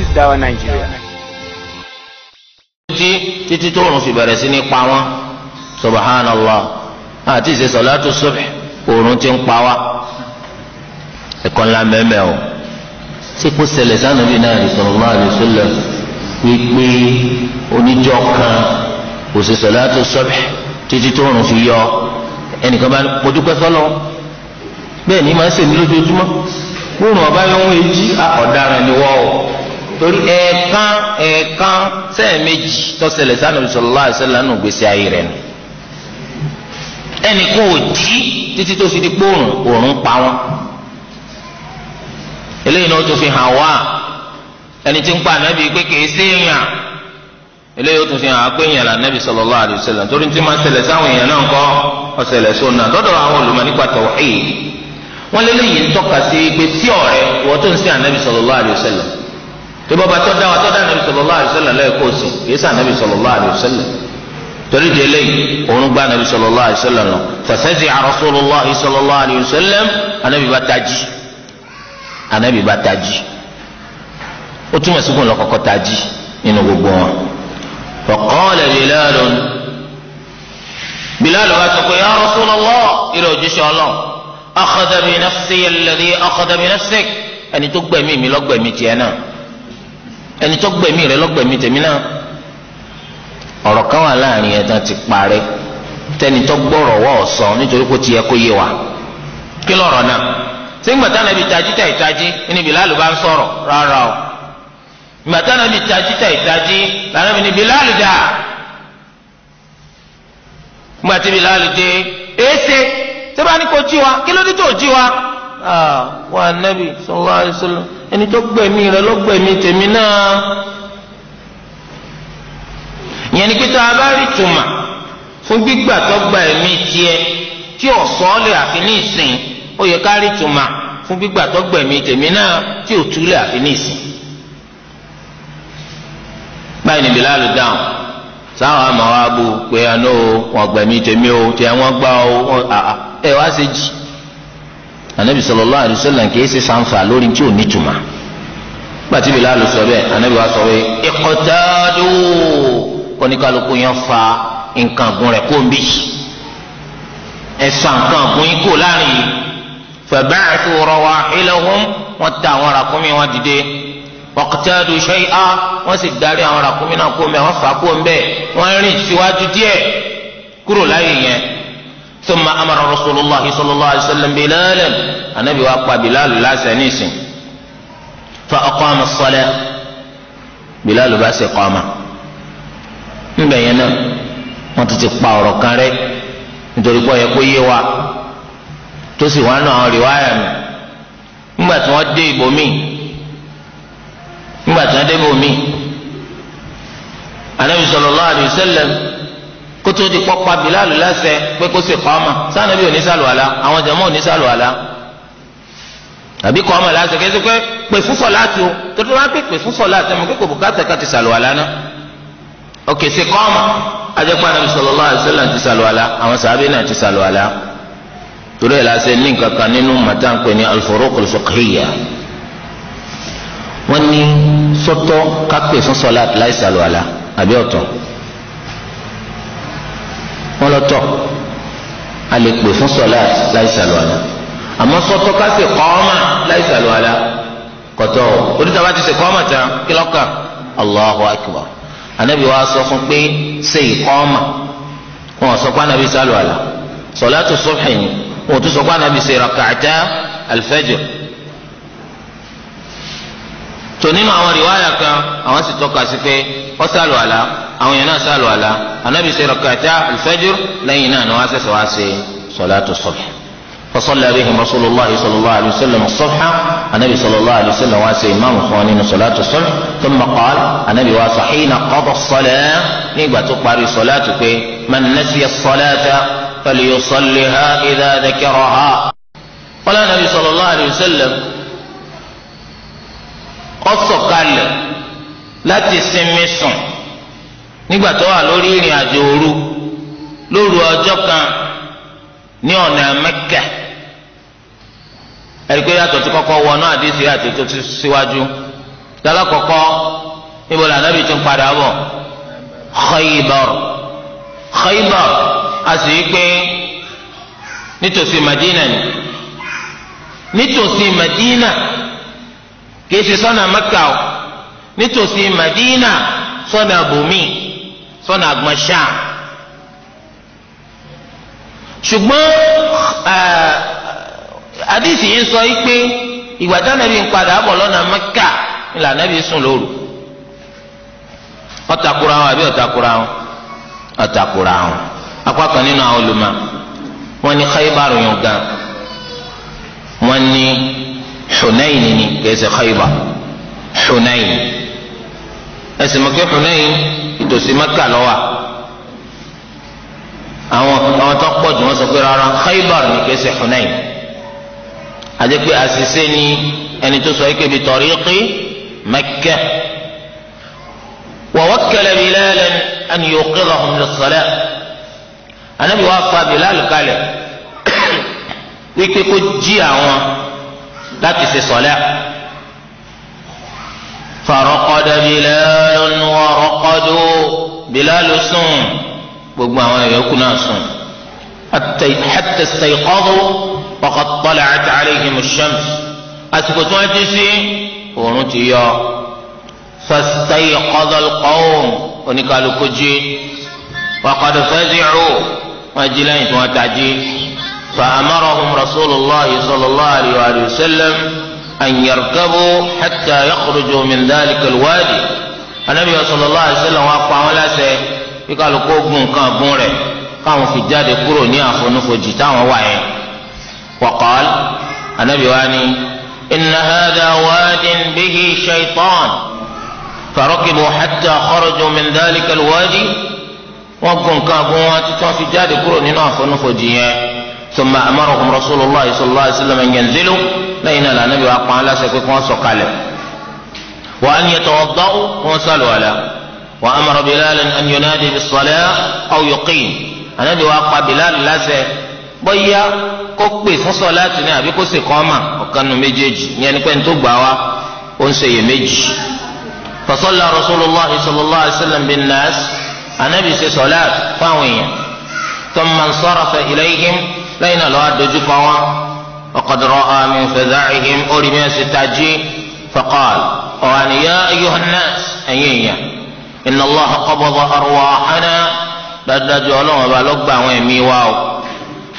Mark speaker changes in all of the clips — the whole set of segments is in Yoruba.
Speaker 1: is Dawa Nigeria. títí títí tó oòrùn fi bẹ̀rẹ̀ sí ní pa wọ́n subhanallah àti ìṣe sọ̀látù subh oòrùn ti ń pa wá ẹ̀kọ́ ńlá mẹ́mẹ́ o tí kò ṣẹlẹ̀ sánú bíi náà ní sallallahu alaihi wasallam wípé oníjọ́ kan kò ṣe sọ̀látù subh títí tó oòrùn fi yọ ẹnìkan bá kojú pẹ́ sọ́lọ́ bẹ́ẹ̀ ni màá ṣèmi lójoojúmọ́ kóòrùn ọba yọ ohun èjì ọ̀daràn ni wọ́ọ̀ torí ẹ̀ẹ̀kan ẹ̀ẹ̀kan sẹ́ẹ̀mejì tọ́sẹ̀lẹ̀ sanabi sọlọ́lá àṣẹlá nù gbèsè ayé rẹ̀ nù ẹnìkan ò jí títí tó fi di eléyìí náà fi hàn wá ẹni tí ń pa pé séèyàn eléyìí ó fi hàn pé èèyàn là torí tí máa sáwọn èèyàn náà nípa tí bọba tó dá wa tó dá nàbì sallallahu alaihi wasallam lẹ́ẹ̀kọ́ sí kìí sàn nàbì sallallahu alaihi wasallam torí di eléyìí òun gba nàbì sallallahu alaihi wasallam lọ fẹsẹsì Rasulullahi sallallahu alaihi wasallam anabi bá tají anabi bá tají ó túmọ̀ sí kún lọ́kọ̀ọ́kọ́ tají nínú gbogbo wọn. faqala Bilal Bilal wa sọ pé ya Rasulullah ìrẹ̀ òjíṣẹ́ ọlọ́ akhadha ẹni tó gbẹ̀mí rẹ lọ́gbẹ̀mí tèmi náà ọ̀rọ̀ kan wà láàrin ẹ̀ tán ti parẹ́ tẹni tó gbọ́rọ̀ wọ́ ọ̀sán nítorí kó ti yẹ kó yé wa kí lọ́rọ̀ náà sígbàtà nàbí tají tà ìtají ní Bilal bá ń sọ̀rọ̀ rárá o gbàtà nàbí tají tà ìtají lànà bí ní Bilal dà gbàtà Bilal dé èsè tí bá ní kó jí wa kí ló dé tó jí wa. Ah, wà á nàbì sallallahu alaihi wasallam ẹni tó gbẹ̀mí rẹ ló gbẹ̀mí tèmi náà ìyẹn ni pé tá a bá rí tùmà fún gbígbà tó gba ẹ̀mí tiẹ̀ tí ò sọ́ọ́lẹ̀ àfi ní ìsìn ó yẹ ká rí tùmà fún gbígbà tó gbẹ̀mí tèmi náà tí ò túlẹ̀ àfi ní ìsìn. báyìí ni Bilalu dáhùn sáwọn àmọ́ wa bù pé àná wọn gbẹ̀mí tèmi o tiẹ̀ wọ́n gbá o ẹ wá ṣe jì anabi sallallahu alayhi wa sallam kì í ṣe sanfa lórí tí ò ní tuma gbàtí bi láàlú sọ bẹ́ẹ̀ anabi wa sọ pé iqtadu kọ́níkàlùkù yẹn fa nǹkan gun rẹ̀ kó n bí ẹ̀sán nǹkan gun yín kó láàrin yìí faba'athu rawahilahum wọ́n ta àwọn ràkúnmí wọn dìde waqtadu shay'a wọ́n sì darí àwọn ràkúnmí náà kó mbẹ́ wọ́n fà kó mbẹ́ wọ́n rìn síwájú díẹ̀ kúrò láyé yẹn. ثم أمر رسول الله صلى الله عليه وسلم بلالا النبي وقع بلال لا سنيس فأقام الصلاة بلال بأس قام مبينا wọ́n ti ti pa ọ̀rọ̀ kan rẹ́ nítorí pé ọ̀yẹ́ kó yé wa tó sì wọ́n náà àwọn rìwáyà mi nígbà tí wọ́n dé ibòmí nígbà tí wọ́n dé ibòmí Ànábì sallallahu alaihi wasallam kótó di pọpa bilalu lẹsẹ pé kó ṣe kọọma sanabi onísàlùwàlà àwọn jẹmọ onísàlùwàlà àbí kọọma lẹsẹ kẹsẹ pé pè fúfọ láti o tótó wá pé pè fúfọ láti o mo kéko bùkátà ká ti sàlùwàlà náà ok ṣe kọọma ajẹpọ anabi sallallahu alaihi wasallam ti sàlùwàlà àwọn sàbẹ náà ti sàlùwàlà torí ẹ lásẹ ní nǹkan kan nínú màtàǹpẹ ní al-furuqul fiqhiyya wọn ní sọtọ kápẹ fún sọlá láì sàlùwàlà àbí ọtọ lọ́tọ̀ a lè pè fún sọlá láì sàlùwàlà àmọ́ sọ́tọ̀ ká sì kọ́ọ́mà láì sàlùwàlà kọ́tọ́ o oníta bá ti sì kọ́ọ́mà tán kí lọ́kàn Allahu akbar anabi wa sọ fún pé ṣe ìkọ́ọ́mà wọn sọ pé anabi sàlùwàlà sọlá tó sọ́ọ̀hì ni wọn tún sọ pé anabi ṣe rakàtà alfajr tó nínú àwọn rìwáyà kan àwọn sì tọ́ka sí pé ó sàlùwàlà àwọn èèyàn náà sálọ àlá anabi ṣe rakata alfajr lẹ́yìn náà ni wọ́n á ṣẹ̀ṣẹ̀ wá ṣe salatu subh فصلى بهم رسول الله صلى الله عليه وسلم الصبح النبي صلى الله عليه وسلم واسى إمام إخوانين صلاة الصبح ثم قال النبي واسى حين قضى الصلاة نيبا تقبل صلاتك من نسي الصلاة فليصلها إذا ذكرها قال النبي صلى الله عليه وسلم قص قال لا تسمي الصمت nígbà tó wà lórí ìrìn àjò òru lóru ọjọ́ kan ní ọ̀nà Mẹ́kà ẹ̀ríkó yàtọ̀ tó kọ́kọ́ wọnú àdìsí àti tó ti síwájú lọ́lá kọ́kọ́ níbo làná bìí tó ń padà bọ̀ Khaybar Khaybar a sì í pé nítòsí Madina ni nítòsí Madina kìí ṣe sọ́nà Mẹ́kà o nítòsí Madina sọ́nà bùnmí sọ́nà àgbọn sham ṣùgbọ́n àdìsí eh, yìí sọ pé ìgbà tí anabi ń padà bọ̀ lọ́nà mẹ́kà ńlá anabi sùn lóru ọ̀tàkùrà wọn àbí ọ̀tàkùrà wọn ọ̀tàkùrà wọn apá kan nínú àwọn olùmọ̀ wọn ní Khaybar yẹn gan wọn ní Hunayn ni kẹsẹ̀ Khaybar Hunayn ẹsẹ̀ mọ̀kẹ́ Hunayn ìtòsí mẹ́kà lọ́wọ́ àwọn àwọn tó pọ̀ jù wọ́n sọ pé rárá Khaybar ní kẹsẹ̀ Hunayn àti pé àṣìṣe ni ẹni tó sọ yìí kébi tariqi Makkah wa wakkala Bilalan an yuqidhahum lis-salah anabi wa fa Bilal kalẹ̀ wípé kó jí àwọn láti ṣe sọlẹ́ farọ́kọ warada bilalun wa raqadu bilalu sùn gbogbo àwọn yòókù náà sùn hatta istayqadu wa qad tala'at alayhim ash-shams àsìkò tí wọ́n ti sí oòrùn ti yọ fastayqada al-qawm oníkàlùkù jí wa qad fazi'u wọ́n jí lẹ́yìn tí wọ́n tají fa amarahum rasulillah sallallahu alayhi wa sallam. أن يركبوا حتى يخرجوا من ذلك الوادي النبي صلى الله عليه وسلم wá ولا سي يقال bí كابون قاموا في gun rẹ̀ káwọn fi jáde kúrò ní وقال النبي واني إن هذا واد به شيطان فركبوا حتى خرجوا من ذلك الوادي wọ́n كابون nǹkan في wọn títí wọ́n fi جيان ثم أمرهم رسول الله صلى الله عليه وسلم أن ينزلوا lẹ́yìn náà lànà bí wàá pa án láṣẹ pé kí wọ́n sọ̀kalẹ̀ wa an yatawadda'u kí wọ́n sàlùwàlà wa amara Bilalan an yunadi bis-salah aw yuqim ànábì wàá pa Bilal láṣẹ bóyá kó pè fún sọláàtì ní àbí kó sì kọ́ mà ọ̀kan nu méjèèjì ìyẹn ni pé n tó gbà wá ó ń ṣe iyèméjì fa salla Rasulullah sallallahu alaihi wasallam bin-nas ànábì ṣe sọláàtì fáwọn èèyàn thumma nsarafa ilayhim lẹ́yìn náà lọ́wọ́ dojú wọn. وقد رأى من فزعهم أرمي ستاجي فقال وأن يا أيها الناس أيها إن الله قبض أرواحنا بدل جعلهم بلقبا ويمي واو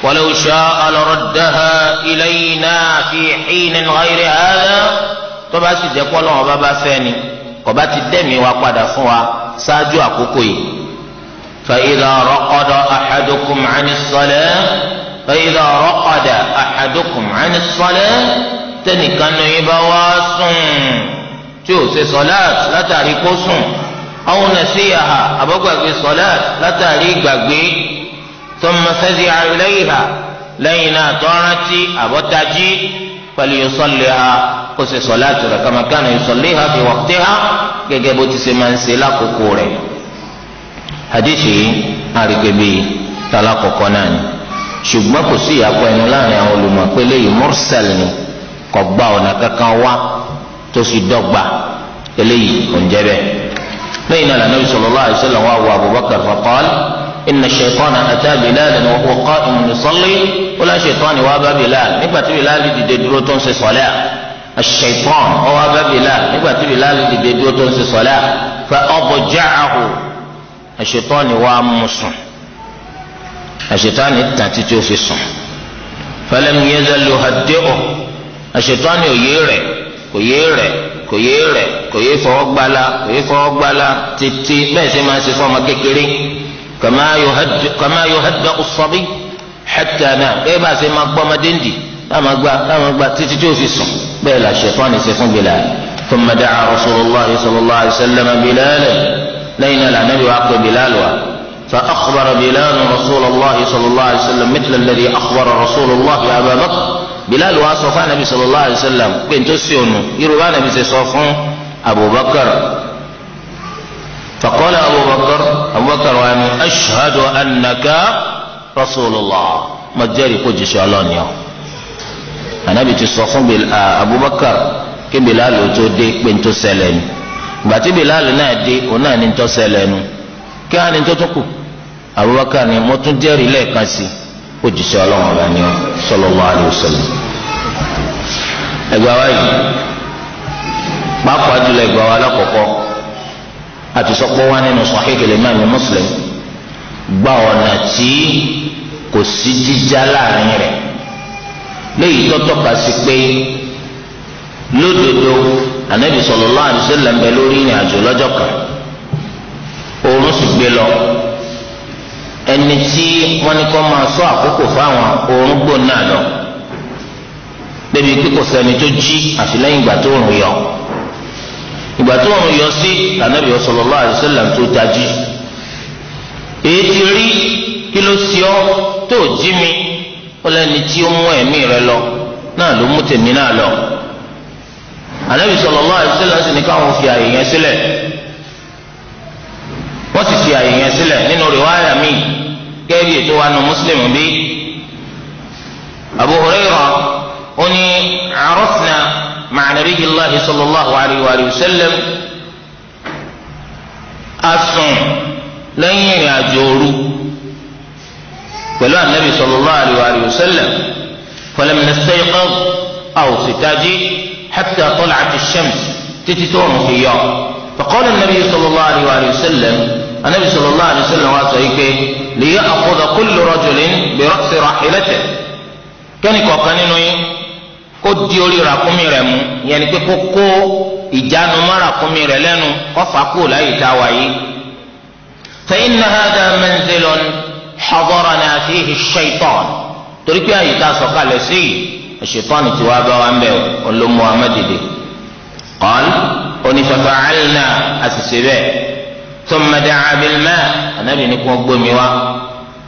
Speaker 1: ولو شاء لردها إلينا في حين غير هذا طبعا سيدك والله بابا فاني قبات الدم وقد فوا ساجوا كوكوي فإذا رقد أحدكم عن الصلاة فإذا رقد أحدكم عن الصلاة تنكن يبواسن تيوسي صلاة لا تاريكوسن أو نسيها أبقى في صلاة لا تاريك ثم فزع إليها لينا طارتي أبتجي فليصليها قصي صلاة كما كان يصليها في وقتها كجبوتي من سلاك كوري حديثي أريك بي طلاق قناني ṣùgbọ́n kò sí ìyàpọ̀ ẹnu láàrin àwọn olùmọ̀ pé léyìí mursal ni kò gba ọ̀nà kankan wá tó sì dọ́gba eléyìí kò ń jẹ́ bẹ́ẹ̀. lẹ́yìn náà Nabi sallallahu alaihi wasallam wá wọ Abubakar faqal inna shaytana ata bilalan wa huwa qa'imun yusalli ó lá ṣètọ́nà wá bá Bilal nígbà tí Bilal dìde dúró tó ń ṣe sọ́lẹ́ aṣ-ṣaytan ó wá bá Bilal nígbà tí Bilal dìde dúró tó ń ṣe sọ́lẹ́ fa ọ̀bọ̀ jáàhù aṣ-ṣaytan wá mú sùn àṣetánì tàn títí ó fi sùn falam yazalu hadi'u àṣetánì òye rẹ̀ kò yé rẹ̀ kò yé rẹ̀ kò yé fọwọ́ gbala kò yé fọwọ́ gbala títí bẹ́ẹ̀ sì máa ń ṣe fọmọ kékeré kama yuhadda'u as-sabi hatta náà bẹ́ẹ̀ bá ṣe máa gbọ́ ọmọdé ń dì láwọn gba láwọn gba títí tí ó fi sùn bẹ́ẹ̀ la ṣetánì ṣe fún Bilal thumma da'a rasulullahi sallallahu alayhi wa sallam Bilal lẹ́yìn náà lànà bí wàá pè Bilal wa. فأخبر بلال رسول الله صلى الله عليه وسلم مثل الذي أخبر رسول الله أبا بكر بلال وأصفى النبي صلى الله عليه وسلم بنت السيون يروى النبي سيصفون أبو بكر فقال أبو بكر أبو بكر وأنا أشهد أنك رسول الله ما جاري قد شالون يوم النبي تصفون آه، أبو بكر كي بلال وتودي بنت سلم باتي بلال نادي ونا ننتو náà كان ننتو tọ́ abubakar ni mo tún jẹ́rìí lẹ́ẹ̀kan sí òjíṣẹ́ ọlọ́run ọba ni ọ sallallahu alaihi wasallam. ẹgbẹ́ wa yìí pàápàá jùlọ ẹgbẹ́ wa lákọ̀ọ́kọ́
Speaker 2: àti wa nínú
Speaker 1: gba ọ̀nà tí kò sí jíjá láàrin rẹ̀ léyìí ka sí pé lódodo anabi sallallahu alaihi wasallam ń lórí ìrìn àjò kan òun sì lọ. ẹni tí wọ́n ní kó máa sọ àkókò fáwọn òórùn gbòòn náà lọ débi pé kò sẹ́ni tó jí àfi lẹ́yìn ìgbà tó òórùn yọ ìgbà tó òórùn yọ sí lànàbí sallallahu alaihi wasallam tó tají èyí ti rí kí ló sí ọ tó jí mi ó lẹ́ni tí ó mú ẹ̀mí rẹ lọ náà ló mú tèmi náà lọ ànábì sallallahu alaihi sì ní káwọn fi àyè yẹn sílẹ̀ wọ́n sì fi àyè yẹn sílẹ̀ nínú rìwáyà míì. كيف يتوان مسلم بي أبو هريرة أني عرفنا مع نبي الله صلى الله عليه وآله وسلم أسن لن يجولوا فلان النبي صلى الله عليه وآله وسلم فلم نستيقظ أو ستاجي حتى طلعت الشمس تتتون في يوم فقال النبي صلى الله عليه وآله وسلم anabi sallallahu alaihi wasallam wa sọ yìí pé lèyẹ àkọdọ kullu rajulin bi ra'si rahilatihi kẹ́ni kọ̀ọ̀kan nínú yín kó di orí ràkúnmí rẹ̀ mú yẹn ni pé kó kó ìjánu mọ́ ràkúnmí rẹ̀ lẹ́nu kó fà kú láyé tá a wà yìí. fa inna hadha manzilun hadarana fihi ash-shaytan torí pé àyè tá a sọ̀kalẹ̀ sí i ti wá bá wa ń bẹ̀ ọlọ́mọ amẹ́dẹ̀dẹ̀. qal onífẹ̀fẹ̀ àlìna ثم دعا بالماء النبي نكون قومي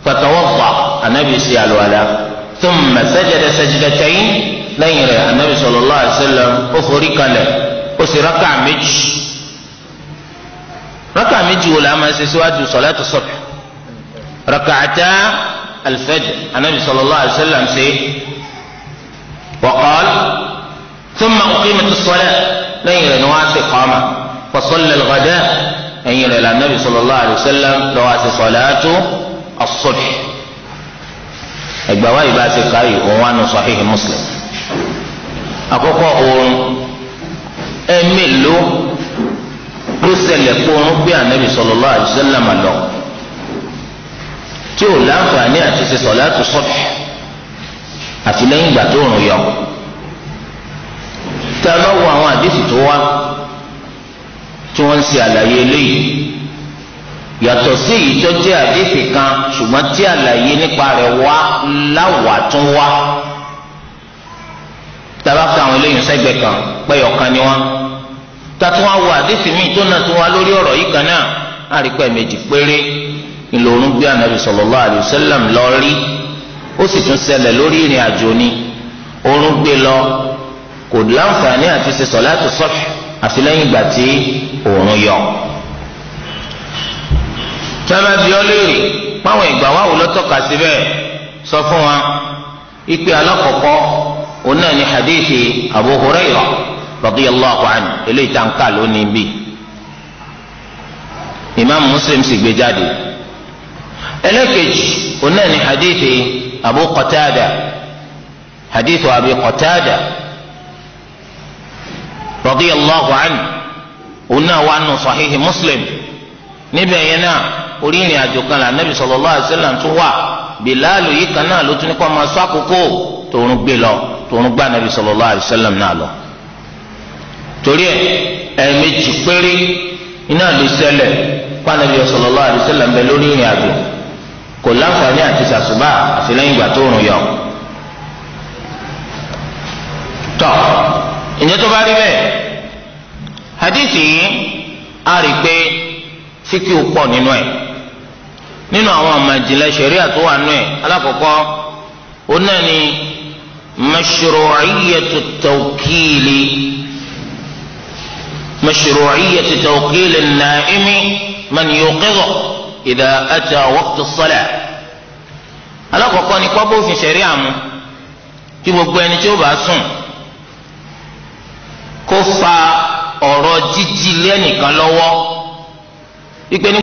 Speaker 1: فتوضا النبي سيال ولا ثم سجد سجدتين لين النبي صلى الله عليه وسلم أخرج له وسركع مجي ركع مجي ولا ما سواد صلاة الصبح ركعتا الفجر النبي صلى الله عليه وسلم سيه وقال ثم أقيمت الصلاة لين نواس قامة فصلى الغداء ẹ̀yìn rẹ̀ la nabi sallallahu alayhi wa sallam lọ́wọ́ àti salatu as-subh ẹgbà wa ìbá ti káyì òun wà nù sahih muslim àkọ́kọ́ òun ẹ̀mẹ́lò ló ṣẹlẹ̀ kó òun gbé ànábì sallallahu alayhi wa sallam lọ tí ò láǹfààní àti ṣe salatu subh àti lẹ́yìn tó òun yọ tá a bá wo àwọn àdéhùn tó wá tí wọ́n ń ṣe àlàyé eléyìí yàtọ̀ sí èyí tó jẹ́ àdéhìí kan ṣùgbọ́n tí àlàyé nípa rẹ̀ wá láwàá tún wá tabaka àwọn eléyìí sẹ́gbẹ̀ kan pẹ́yọ̀kan ni wọ́n tatu wa wo àdéhìí míì tó náà tó wá lórí ọ̀rọ̀ yìí kan náà á rí pẹ́ méjì péré ńlọrọrùn gbé anabi sallallahu alaihi wasallam lọ rí ó sì tún ṣẹlẹ̀ lórí ìrìn àjò ni oorun gbé lọ kò láǹfààní àti ṣe sọ̀látù sọ́fì àfi lẹ́yìn ìgbà tí òòrùn yọ. tí wọ́n bá bi ọ́ léèrè páwọn ìgbà wà wò lọ́tọ́ka síbẹ̀ sọ fún wa ìpè alákọ̀ọ́kọ́ òun náà ni hadithi Abu Hurairah radiyallahu anhu eléyìí tá n kà lónìí bí. imam Muslim sì gbé jáde. ẹlẹ́kejì òun náà ni hadithi Abu Qatada hadithu Abi Qatada radiyallahu anhu òun náà wà nù sahihi muslim níbẹ̀ yẹn náà orí ìrìn àjò kan là nàbì sallallahu alaihi wasallam tún wà bilalu yìí kan náà ló tún ní kó máa sọ àkókò tòun gbé lọ tòun gbá nàbì sallallahu alaihi wasallam náà lọ. torí ẹ ẹ̀ẹ̀mejì péré iná ló ṣẹlẹ̀ pànàbì sallallahu alaihi wasallam bẹ lórí ìrìn àjò kò láǹfààní àti sàṣùbà àfi lẹ́yìn ìgbà tó rùn yọ. tọ́ ǹjẹ́ tó bá rí bẹ́ẹ̀ hadithi yìí a rí pé fíkì pọ̀ nínú ẹ̀ nínú àwọn àmàjìnlẹ̀ ṣẹ̀ríà tó wà nínú ẹ̀ alákọ̀ọ́kọ́ òun náà ni mashru'iyyatu tawkili mashru'iyyatu tawkili an-na'imi man yuqidhu idha ata waqtu as-salah alákọ̀ọ́kọ́ ni kọ́ bófin ṣẹ̀ríà mu kí gbogbo ẹni tí ó bá sùn kó fa ọ̀rọ̀ jíjí lẹ́nìkan lọ́wọ́ ìpè ní